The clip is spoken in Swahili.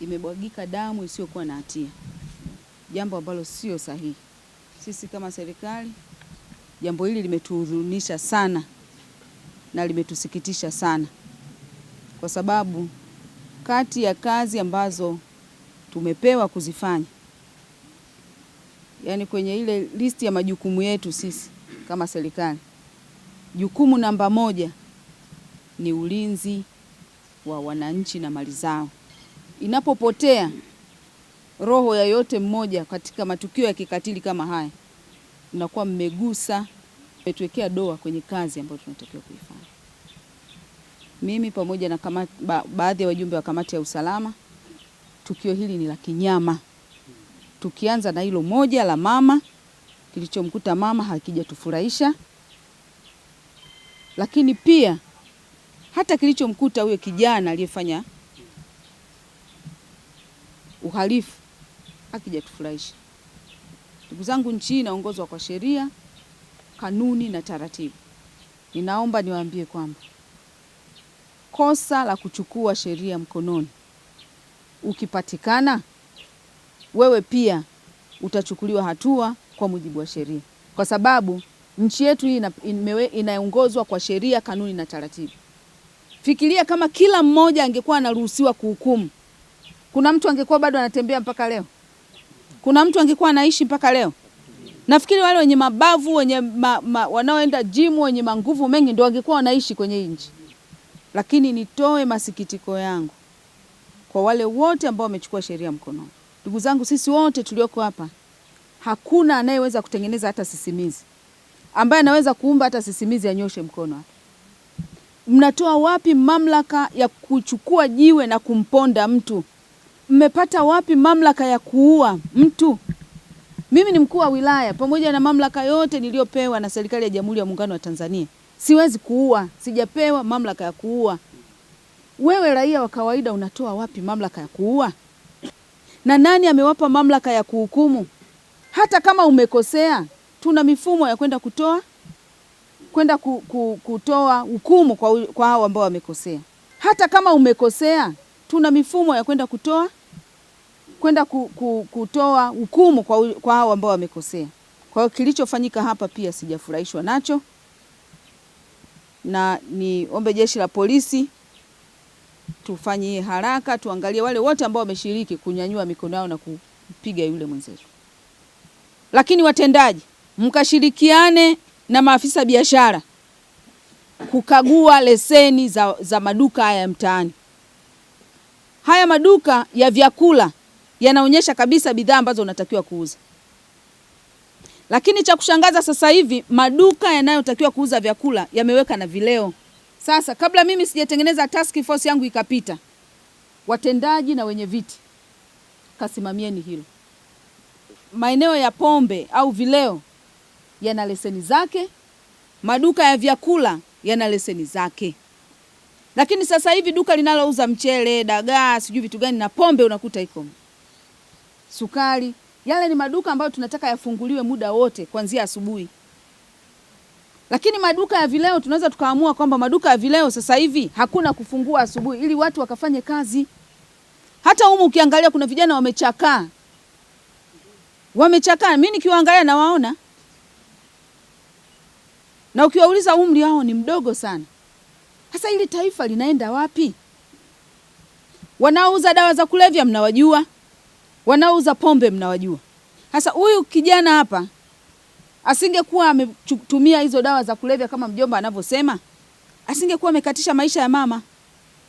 imebwagika damu isiyokuwa na hatia, jambo ambalo sio sahihi. Sisi kama serikali, jambo hili limetuhuzunisha sana na limetusikitisha sana, kwa sababu kati ya kazi ambazo tumepewa kuzifanya, yaani kwenye ile listi ya majukumu yetu sisi kama serikali, jukumu namba moja ni ulinzi wa wananchi na mali zao. Inapopotea roho ya yote mmoja katika matukio ya kikatili kama haya, mnakuwa mmegusa, mmetuwekea doa kwenye kazi ambayo tunatakiwa kuifanya. Mimi pamoja na kamati, ba, baadhi ya wajumbe wa kamati ya usalama, tukio hili ni la kinyama. Tukianza na hilo moja la mama, kilichomkuta mama hakijatufurahisha, lakini pia hata kilichomkuta huyo kijana aliyefanya uhalifu hakijatufurahisha. Ndugu zangu, nchi hii inaongozwa kwa sheria, kanuni na taratibu. Ninaomba niwaambie kwamba kosa la kuchukua sheria mkononi, ukipatikana wewe pia utachukuliwa hatua kwa mujibu wa sheria, kwa sababu nchi yetu hii inaongozwa kwa sheria, kanuni na taratibu. Fikiria kama kila mmoja angekuwa anaruhusiwa kuhukumu kuna mtu angekuwa bado anatembea mpaka leo? Kuna mtu angekuwa anaishi mpaka leo? Nafikiri wale wenye mabavu wenye ma, ma, wanaoenda jimu wenye manguvu mengi ndio wangekuwa wanaishi kwenye nchi. Lakini nitoe masikitiko yangu kwa wale wote ambao wamechukua sheria mkononi. Ndugu zangu, sisi wote tulioko hapa, hakuna anayeweza kutengeneza hata sisimizi, ambaye anaweza kuumba hata sisimizi anyoshe mkono hapa. Mnatoa wapi mamlaka ya kuchukua jiwe na kumponda mtu? mmepata wapi mamlaka ya kuua mtu? Mimi ni mkuu wa wilaya, pamoja na mamlaka yote niliyopewa na serikali ya Jamhuri ya Muungano wa Tanzania, siwezi kuua, sijapewa mamlaka ya kuua. Wewe raia wa kawaida unatoa wapi mamlaka ya kuua? Na nani amewapa mamlaka ya kuhukumu? Hata kama umekosea, tuna mifumo ya kwenda kutoa kwenda ku, ku, kutoa hukumu kwa, kwa hao ambao wamekosea. Hata kama umekosea, tuna mifumo ya kwenda kutoa kwenda ku, ku, kutoa hukumu kwa, kwa hao ambao wamekosea. Kwa hiyo kilichofanyika hapa pia sijafurahishwa nacho, na niombe jeshi la polisi tufanyie haraka, tuangalie wale wote ambao wameshiriki kunyanyua mikono yao na kumpiga yule mwenzetu. Lakini watendaji, mkashirikiane na maafisa biashara kukagua leseni za, za maduka haya mtaani, haya maduka ya vyakula yanaonyesha kabisa bidhaa ambazo unatakiwa kuuza. Lakini cha kushangaza sasa hivi maduka yanayotakiwa kuuza vyakula yameweka na vileo. Sasa kabla mimi sijatengeneza task force yangu ikapita, watendaji na wenye viti, kasimamieni hilo. Maeneo ya pombe au vileo yana leseni zake, maduka ya vyakula yana leseni zake. Lakini sasa hivi duka linalouza mchele, dagaa, sijui vitu gani na pombe unakuta iko sukari. Yale ni maduka ambayo tunataka yafunguliwe muda wote kuanzia asubuhi, lakini maduka ya vileo tunaweza tukaamua kwamba maduka ya vileo sasa hivi hakuna kufungua asubuhi, ili watu wakafanye kazi. Hata humu ukiangalia kuna vijana wamechakaa, wamechakaa. Mimi nikiwaangalia nawaona, na ukiwauliza umri wao ni mdogo sana. Sasa hili taifa linaenda wapi? Wanaouza dawa za kulevya mnawajua, wanaouza pombe mnawajua. Sasa huyu kijana hapa asingekuwa ametumia hizo dawa za kulevya kama mjomba anavyosema, asingekuwa amekatisha maisha ya mama.